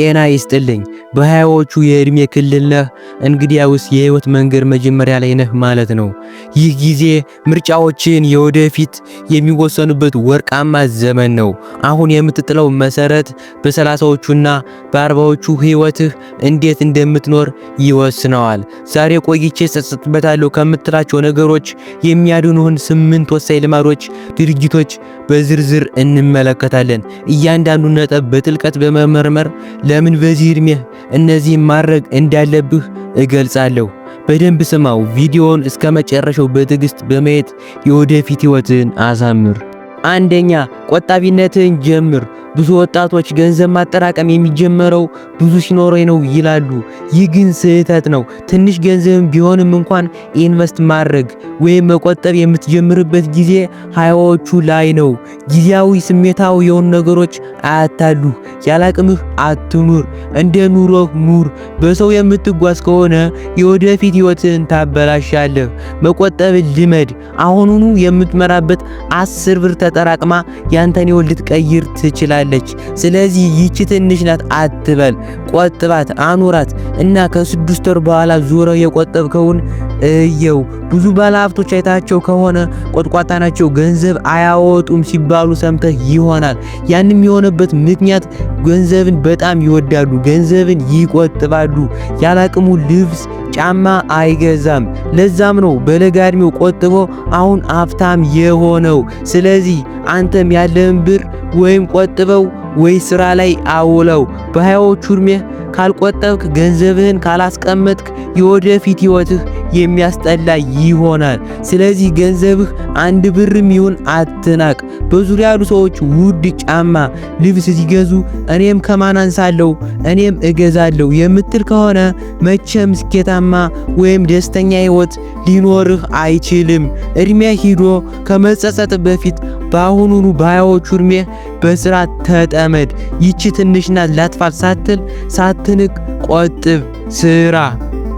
ጤና ይስጥልኝ። በሃያዎቹ የእድሜ ክልል ነህ፣ እንግዲያውስ የህይወት መንገድ መጀመሪያ ላይ ነህ ማለት ነው። ይህ ጊዜ ምርጫዎችን የወደፊት የሚወሰኑበት ወርቃማ ዘመን ነው። አሁን የምትጥለው መሰረት በሰላሳዎቹና በአርባዎቹ ህይወትህ እንዴት እንደምትኖር ይወስነዋል። ዛሬ ቆይቼ እጸጸትበታለሁ ከምትላቸው ነገሮች የሚያድኑህን ስምንት ወሳኝ ልማዶች፣ ድርጊቶች በዝርዝር እንመለከታለን። እያንዳንዱ ነጥብ በጥልቀት በመመርመር ለምን በዚህ እድሜ እነዚህን ማድረግ እንዳለብህ እገልጻለሁ። በደንብ ስማው። ቪዲዮውን እስከ መጨረሻው በትዕግስት በማየት የወደፊት ሕይወትን አሳምር። አንደኛ ቆጣቢነትን ጀምር። ብዙ ወጣቶች ገንዘብ ማጠራቀም የሚጀመረው ብዙ ሲኖረኝ ነው ይላሉ። ይህ ግን ስህተት ነው። ትንሽ ገንዘብም ቢሆንም እንኳን ኢንቨስት ማድረግ ወይም መቆጠብ የምትጀምርበት ጊዜ ሃያዎቹ ላይ ነው። ጊዜያዊ ስሜታዊ የሆኑ ነገሮች አያታሉ። ያላቅምህ አትኑር፣ እንደ ኑሮህ ኑር። በሰው የምትጓዝ ከሆነ የወደፊት ህይወትን ታበላሻለህ። መቆጠብ ልመድ። አሁኑኑ የምትመራበት አስር ብር ተጠራቅማ ያንተን ህይወት ልትቀይር ትችላለህ። ትችላለች። ስለዚህ ይቺ ትንሽ ናት አትበል፣ ቆጥባት፣ አኑራት እና ከስድስት ወር በኋላ ዙረ የቆጠብከውን እየው። ብዙ ባለሀብቶች አይታቸው ከሆነ ቆጥቋጣ ናቸው ገንዘብ አያወጡም ሲባሉ ሰምተህ ይሆናል። ያንም የሆነበት ምክንያት ገንዘብን በጣም ይወዳሉ፣ ገንዘብን ይቆጥባሉ። ያላቅሙ ልብስ ጫማ አይገዛም። ለዛም ነው በለጋ እድሜው ቆጥቦ አሁን ሀብታም የሆነው። ስለዚህ አንተም ያለህን ብር ወይም ቆጥበ ገንዘበው ወይ ስራ ላይ አውለው። በሃያዎቹ ዕድሜህ ካልቆጠብክ፣ ገንዘብህን ካላስቀመጥክ የወደፊት ህይወትህ የሚያስጠላ ይሆናል። ስለዚህ ገንዘብህ አንድ ብርም ይሁን አትናቅ። በዙሪያ ያሉ ሰዎች ውድ ጫማ፣ ልብስ ሲገዙ እኔም ከማን አንሳለሁ እኔም እገዛለሁ የምትል ከሆነ መቼም ስኬታማ ወይም ደስተኛ ህይወት ሊኖርህ አይችልም። እድሜ ሂዶ ከመጸጸት በፊት በአሁኑኑ ባያዎቹ ዕድሜ በስርዓት ተጠመድ። ይቺ ትንሽ ናት ላትፋል ሳትል ሳትንቅ ቆጥብ፣ ስራ።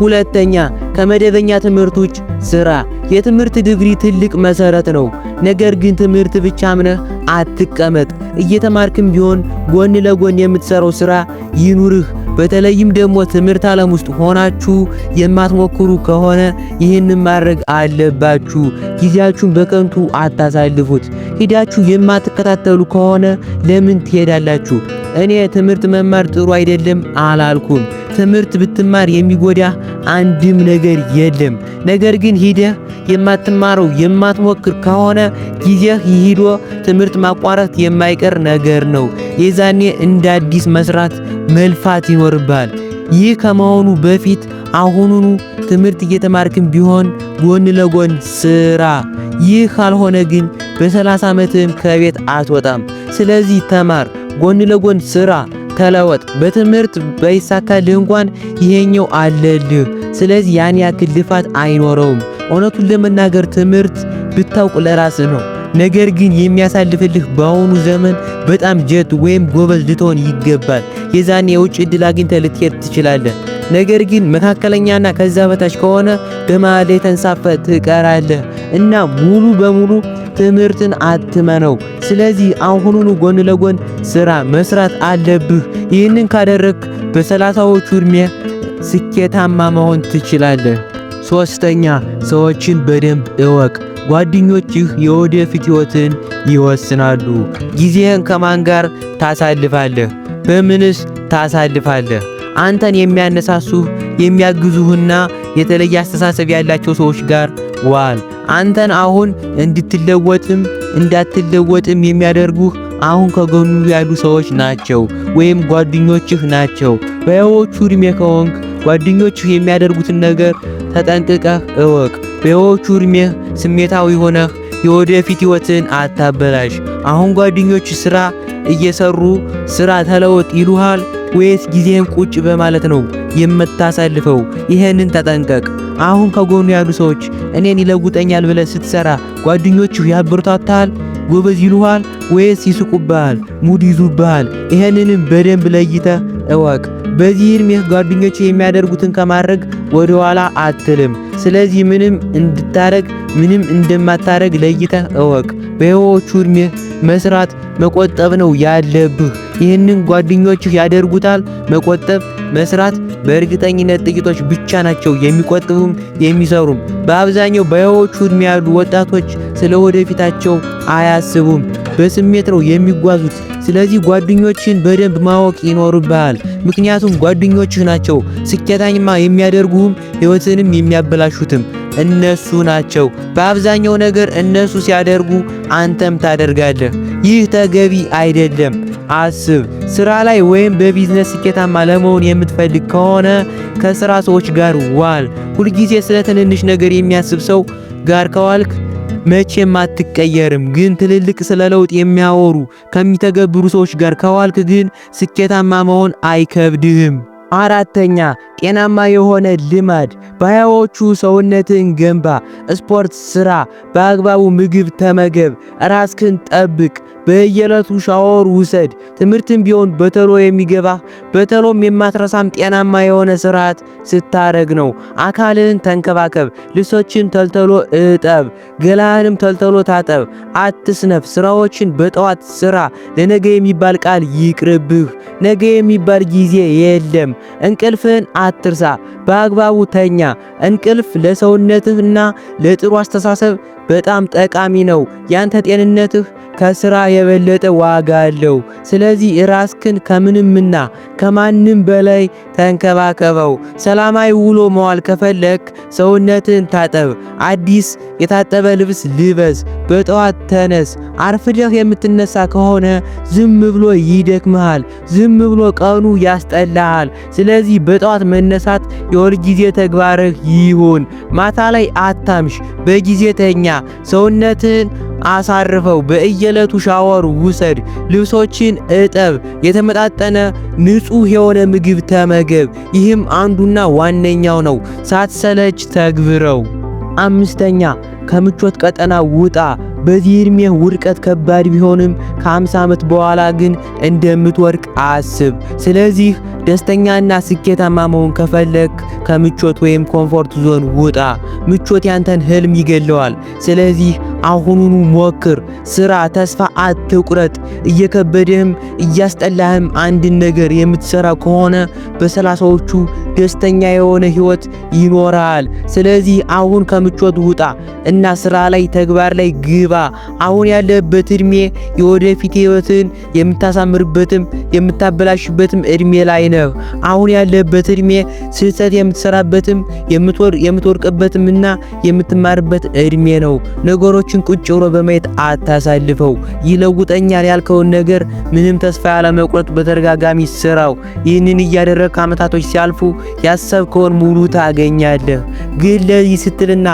ሁለተኛ ከመደበኛ ትምህርቶች ስራ። የትምህርት ዲግሪ ትልቅ መሰረት ነው። ነገር ግን ትምህርት ብቻ አምነህ አትቀመጥ። እየተማርክም ቢሆን ጎን ለጎን የምትሰራው ስራ ይኑርህ። በተለይም ደግሞ ትምህርት ዓለም ውስጥ ሆናችሁ የማትሞክሩ ከሆነ ይህንን ማድረግ አለባችሁ። ጊዜያችሁን በከንቱ አታሳልፉት። ሂዳችሁ የማትከታተሉ ከሆነ ለምን ትሄዳላችሁ? እኔ ትምህርት መማር ጥሩ አይደለም አላልኩም። ትምህርት ብትማር የሚጎዳ አንድም ነገር የለም። ነገር ግን ሂደህ የማትማረው የማትሞክር ከሆነ ጊዜህ ይሂዶ ትምህርት ማቋረጥ የማይቀር ነገር ነው። የዛኔ እንደ አዲስ መስራት መልፋት ይኖርብሃል። ይህ ከመሆኑ በፊት አሁኑኑ ትምህርት እየተማርክም ቢሆን ጎን ለጎን ስራ። ይህ ካልሆነ ግን በ30 ዓመትህም ከቤት አትወጣም። ስለዚህ ተማር፣ ጎን ለጎን ስራ፣ ተለወጥ። በትምህርት ባይሳካልህ እንኳን ይሄኛው አለልህ። ስለዚህ ያን ያክል ልፋት አይኖረውም። እውነቱን ለመናገር ትምህርት ብታውቅ ለራስ ነው። ነገር ግን የሚያሳልፍልህ በአሁኑ ዘመን በጣም ጀት ወይም ጎበዝ ልትሆን ይገባል። የዛኔ የውጭ እድል አግኝተህ ልትሄድ ትችላለህ። ነገር ግን መካከለኛና ከዛ በታች ከሆነ በመሃል የተንሳፈ ትቀራለህ እና ሙሉ በሙሉ ትምህርትን አትመነው። ስለዚህ አሁኑኑ ጎን ለጎን ስራ መስራት አለብህ። ይህንን ካደረግ በሰላሳዎቹ ዕድሜ ስኬታማ መሆን ትችላለህ። ሶስተኛ ሰዎችን በደንብ እወቅ። ጓደኞችህ የወደፊት ሕይወትን ይወስናሉ። ጊዜህን ከማን ጋር ታሳልፋለህ? በምንስ ታሳልፋለህ? አንተን የሚያነሳሱህ የሚያግዙህና የተለየ አስተሳሰብ ያላቸው ሰዎች ጋር ዋል። አንተን አሁን እንድትለወጥም እንዳትለወጥም የሚያደርጉህ አሁን ከጎኑ ያሉ ሰዎች ናቸው፣ ወይም ጓደኞችህ ናቸው። በየዎቹ ዕድሜ ከሆንክ ጓደኞቹ የሚያደርጉትን ነገር ተጠንቅቀህ እወቅ። በሕይወቱ ዕድሜህ ስሜታዊ ሆነህ የወደፊት ሕይወትን አታበላሽ። አሁን ጓደኞች ስራ እየሰሩ ስራ ተለወጥ ይሉሃል ወይስ ጊዜህን ቁጭ በማለት ነው የምታሳልፈው? ይህንን ተጠንቀቅ። አሁን ከጎኑ ያሉ ሰዎች እኔን ይለውጠኛል ብለህ ስትሰራ ጓደኞቹ ያበረታታሃል፣ ጎበዝ ይሉሃል ወይስ ይስቁብሃል፣ ሙድ ይዙብሃል? ይህንንም በደንብ ለይተህ እወቅ። በዚህ ዕድሜህ ጓደኞች የሚያደርጉትን ከማድረግ ወደኋላ አትልም። ስለዚህ ምንም እንድታረግ ምንም እንደማታረግ ለይተህ እወቅ። በሕይወቹ ዕድሜህ መስራት መቆጠብ ነው ያለብህ። ይህንን ጓደኞችህ ያደርጉታል። መቆጠብ መስራት በእርግጠኝነት ጥቂቶች ብቻ ናቸው የሚቆጥቡም የሚሰሩም። በአብዛኛው በሕይወቹ ዕድሜ ያሉ ወጣቶች ስለ ወደፊታቸው አያስቡም። በስሜት ነው የሚጓዙት። ስለዚህ ጓደኞችን በደንብ ማወቅ ይኖርብሃል። ምክንያቱም ጓደኞችህ ናቸው ስኬታማ የሚያደርጉህም ህይወትንም የሚያበላሹትም እነሱ ናቸው። በአብዛኛው ነገር እነሱ ሲያደርጉ አንተም ታደርጋለህ። ይህ ተገቢ አይደለም። አስብ። ስራ ላይ ወይም በቢዝነስ ስኬታማ ለመሆን የምትፈልግ ከሆነ ከስራ ሰዎች ጋር ዋል። ሁልጊዜ ስለ ትንንሽ ነገር የሚያስብ ሰው ጋር ከዋልክ መቼም አትቀየርም። ግን ትልልቅ ስለ ለውጥ የሚያወሩ ከሚተገብሩ ሰዎች ጋር ከዋልክ ግን ስኬታማ መሆን አይከብድህም። አራተኛ ጤናማ የሆነ ልማድ በሃያዎቹ ሰውነትን ገንባ። ስፖርት ስራ፣ በአግባቡ ምግብ ተመገብ፣ ራስክን ጠብቅ፣ በየዕለቱ ሻወር ውሰድ። ትምህርትን ቢሆን በተሎ የሚገባ በተሎም የማትረሳም ጤናማ የሆነ ስርዓት ስታረግ ነው። አካልህን ተንከባከብ፣ ልብሶችን ተልተሎ እጠብ፣ ገላህንም ተልተሎ ታጠብ። አትስነፍ፣ ስራዎችን በጠዋት ስራ። ለነገ የሚባል ቃል ይቅርብህ። ነገ የሚባል ጊዜ የለም። እንቅልፍን አትርሳ፣ በአግባቡ ተኛ። እንቅልፍ ለሰውነትና ለጥሩ አስተሳሰብ በጣም ጠቃሚ ነው። ያንተ ጤንነትህ ከስራ የበለጠ ዋጋ አለው። ስለዚህ ራስክን ከምንምና ከማንም በላይ ተንከባከበው። ሰላማዊ ውሎ መዋል ከፈለክ ሰውነትን ታጠብ፣ አዲስ የታጠበ ልብስ ልበስ፣ በጠዋት ተነስ። አርፍደህ የምትነሳ ከሆነ ዝም ብሎ ይደክምሃል፣ ዝም ብሎ ቀኑ ያስጠላሃል። ስለዚህ በጠዋት መነሳት የሁልጊዜ ተግባርህ ይሁን። ማታ ላይ አታምሽ፣ በጊዜ ተኛ። ሰውነትን አሳርፈው በየዕለቱ ሻወር ውሰድ፣ ልብሶችን እጠብ፣ የተመጣጠነ ንጹህ የሆነ ምግብ ተመገብ። ይህም አንዱና ዋነኛው ነው። ሳትሰለች ተግብረው። አምስተኛ ከምቾት ቀጠና ውጣ። በዚህ ዕድሜህ ውድቀት ከባድ ቢሆንም ከ50 ዓመት በኋላ ግን እንደምትወድቅ አስብ። ስለዚህ ደስተኛና ስኬታማ መሆን ከፈለክ ከምቾት ወይም ኮምፎርት ዞን ውጣ። ምቾት ያንተን ህልም ይገለዋል። ስለዚህ አሁኑኑ ሞክር፣ ስራ፣ ተስፋ አትቁረጥ። እየከበደህም እያስጠላህም አንድን ነገር የምትሰራ ከሆነ በሰላሳዎቹ ደስተኛ የሆነ ህይወት ይኖራል። ስለዚህ አሁን ከምቾት ውጣ እና ስራ ላይ ተግባር ላይ ግባ። አሁን ያለበት እድሜ የወደፊት ህይወትን የምታሳምርበትም የምታበላሽበትም እድሜ ላይ ነው። አሁን ያለበት እድሜ ስህተት የምትሰራበትም የምትወድቅበትምና የምትማርበት እድሜ ነው ነገሮች ነገሮችን ቁጭ ብሎ በማየት አታሳልፈው። ይለውጠኛል ያልከውን ነገር ምንም ተስፋ ያለመቁረጥ በተደጋጋሚ ስራው። ይህንን እያደረግ ዓመታቶች ሲያልፉ ያሰብከውን ሙሉ ታገኛለህ። ግን ለዚህ ስትልና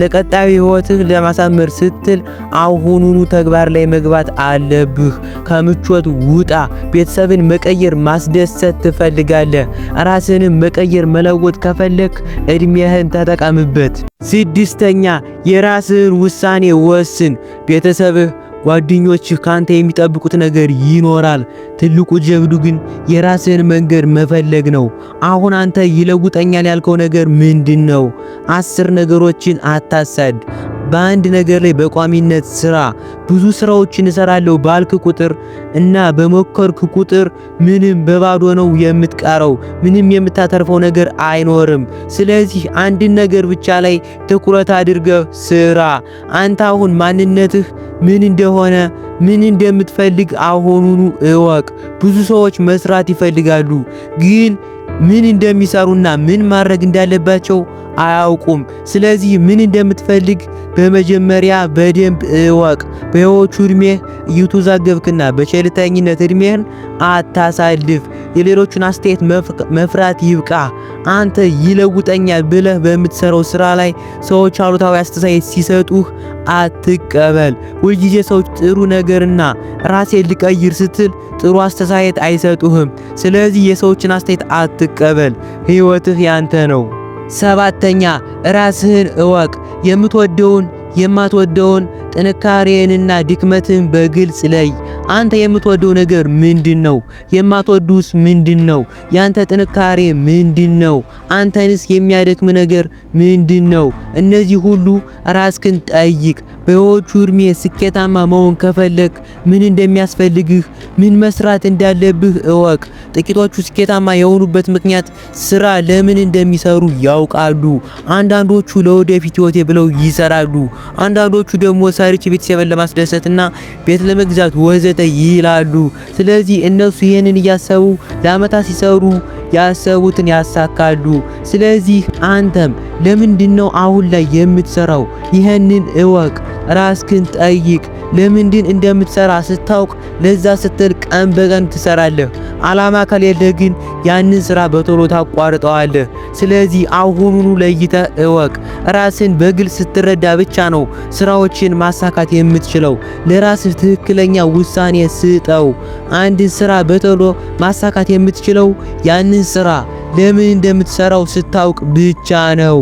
ለቀጣዩ ህይወትህ ለማሳመር ስትል አሁኑኑ ተግባር ላይ መግባት አለብህ። ከምቾት ውጣ። ቤተሰብን መቀየር፣ ማስደሰት ትፈልጋለህ። ራስህንም መቀየር፣ መለወጥ ከፈለክ እድሜህን ተጠቀምበት። ስድስተኛ የራስህን ውሳኔ ወስን። ቤተሰብህ ጓደኞችህ ካንተ የሚጠብቁት ነገር ይኖራል። ትልቁ ጀብዱ ግን የራስህን መንገድ መፈለግ ነው። አሁን አንተ ይለውጠኛል ያልከው ነገር ምንድን ነው? አስር ነገሮችን አታሳድ። በአንድ ነገር ላይ በቋሚነት ስራ። ብዙ ስራዎችን እሰራለሁ ባልክ ቁጥር እና በሞከርክ ቁጥር ምንም በባዶ ነው የምትቀረው። ምንም የምታተርፈው ነገር አይኖርም። ስለዚህ አንድን ነገር ብቻ ላይ ትኩረት አድርገህ ስራ። አንተ አሁን ማንነትህ ምን እንደሆነ ምን እንደምትፈልግ አሁኑኑ እወቅ። ብዙ ሰዎች መስራት ይፈልጋሉ ግን ምን እንደሚሰሩና ምን ማድረግ እንዳለባቸው አያውቁም። ስለዚህ ምን እንደምትፈልግ በመጀመሪያ በደንብ እወቅ። በሕይወቱ ዕድሜህ እየተወዛገብክና በቸልተኝነት ዕድሜህን አታሳልፍ። የሌሎቹን አስተያየት መፍራት ይብቃ። አንተ ይለውጠኛል ብለህ በምትሰራው ስራ ላይ ሰዎች አሉታዊ አስተያየት ሲሰጡህ አትቀበል። ሁልጊዜ ሰዎች ጥሩ ነገርና ራሴ ልቀይር ስትል ጥሩ አስተሳየት አይሰጡህም። ስለዚህ የሰዎችን አስተያየት አትቀበል። ህይወትህ ያንተ ነው። ሰባተኛ ራስህን እወቅ። የምትወደውን የማትወደውን ጥንካሬንና ድክመትን በግልጽ ለይ። አንተ የምትወደው ነገር ምንድን ነው? የማትወዱስ ምንድን ነው? ያንተ ጥንካሬ ምንድን ነው? አንተንስ የሚያደክም ነገር ምንድን ነው? እነዚህ ሁሉ ራስክን ጠይቅ። በሕይወቱ እድሜ ስኬታማ መሆን ከፈለክ ምን እንደሚያስፈልግህ፣ ምን መስራት እንዳለብህ እወቅ። ጥቂቶቹ ስኬታማ የሆኑበት ምክንያት ስራ ለምን እንደሚሰሩ ያውቃሉ። አንዳንዶቹ ለወደፊት ህይወቴ ብለው ይሰራሉ። አንዳንዶቹ ደግሞ ሰርቼ ቤተሰብን ለማስደሰትና ቤት ለመግዛት ወዘተ ይላሉ። ስለዚህ እነሱ ይህንን እያሰቡ ለአመታት ሲሰሩ ያሰቡትን ያሳካሉ። ስለዚህ አንተም ለምንድን ነው አሁን ላይ የምትሰራው? ይህንን እወቅ። ራስክን ጠይቅ። ለምንድን እንደምትሰራ ስታውቅ ለዛ ስትል ቀን በቀን ትሰራለህ። አላማ ከሌለ ግን ያንን ስራ በቶሎ ታቋርጠዋለህ። ስለዚህ አሁኑኑ ለይተ እወቅ። ራስን በግልጽ ስትረዳ ብቻ ነው ስራዎችን ማሳካት የምትችለው። ለራስህ ትክክለኛ ውሳኔ ስጠው። አንድን ስራ በቶሎ ማሳካት የምትችለው ያንን ስራ ለምን እንደምትሰራው ስታውቅ ብቻ ነው።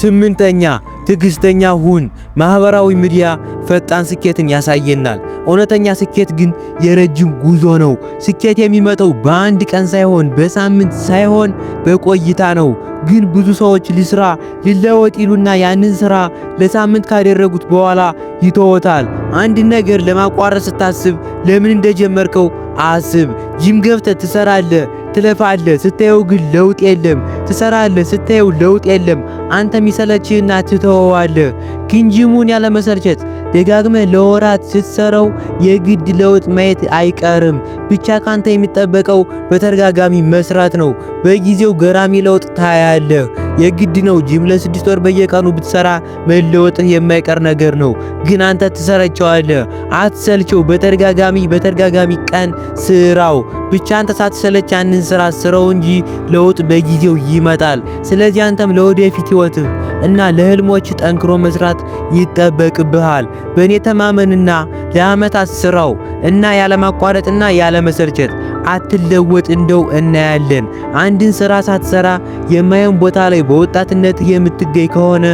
ስምንተኛ ትዕግስተኛ ሁን። ማህበራዊ ሚዲያ ፈጣን ስኬትን ያሳየናል። እውነተኛ ስኬት ግን የረጅም ጉዞ ነው። ስኬት የሚመጣው በአንድ ቀን ሳይሆን፣ በሳምንት ሳይሆን በቆይታ ነው። ግን ብዙ ሰዎች ሊስራ ሊለወጥ ይሉና ያንን ስራ ለሳምንት ካደረጉት በኋላ ይተወታል። አንድ ነገር ለማቋረጥ ስታስብ ለምን እንደጀመርከው አስብ። ጂም ገብተህ ትሰራለህ ትለፋለህ፣ ስታየው ግን ለውጥ የለም። ትሰራለህ፣ ስታየው ለውጥ የለም። አንተም ይሰለችህና ትተወዋለህ። ግንጅሙን ያለመሰልቸት ደጋግመህ ለወራት ስትሰራው የግድ ለውጥ ማየት አይቀርም። ብቻ ካንተ የሚጠበቀው በተደጋጋሚ መስራት ነው። በጊዜው ገራሚ ለውጥ ታያለህ። የግድ ነው። ጂም ለስድስት ወር በየቀኑ ብትሰራ መለወጥህ የማይቀር ነገር ነው። ግን አንተ ትሰለቸዋለህ። አትሰልቸው። በተደጋጋሚ በተደጋጋሚ ቀን ስራው ብቻ። አንተ ሳትሰለች ያንን ስራ ስራው እንጂ ለውጥ በጊዜው ይመጣል። ስለዚህ አንተም ለወደፊት ህይወትህ እና ለህልሞች ጠንክሮ መስራት ይጠበቅብሃል። በእኔ ተማመንና ለአመታት ስራው እና ያለማቋረጥና ያለመሰልቸት አትለወጥ እንደው እናያለን። አንድን ስራ ሳትሰራ የማየን ቦታ ላይ በወጣትነት የምትገኝ ከሆነ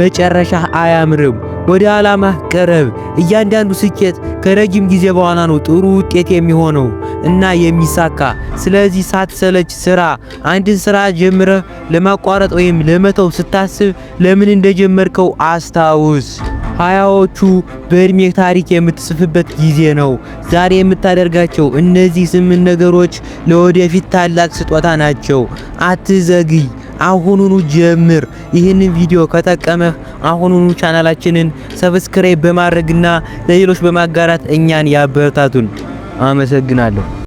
መጨረሻ አያምርም። ወደ ዓላማ ቀረብ። እያንዳንዱ ስኬት ከረጅም ጊዜ በኋላ ነው ጥሩ ውጤት የሚሆነው እና የሚሳካ። ስለዚህ ሳትሰለች ስራ። አንድን ስራ ጀምረህ ለማቋረጥ ወይም ለመተው ስታስብ ለምን እንደጀመርከው አስታውስ። ሀያዎቹ በእድሜ ታሪክ የምትጽፍበት ጊዜ ነው። ዛሬ የምታደርጋቸው እነዚህ ስምንት ነገሮች ለወደፊት ታላቅ ስጦታ ናቸው። አትዘግይ፣ አሁኑኑ ጀምር። ይህንን ቪዲዮ ከጠቀመህ አሁኑኑ ቻናላችንን ሰብስክራይብ በማድረግና ለሌሎች በማጋራት እኛን ያበረታቱን። አመሰግናለሁ።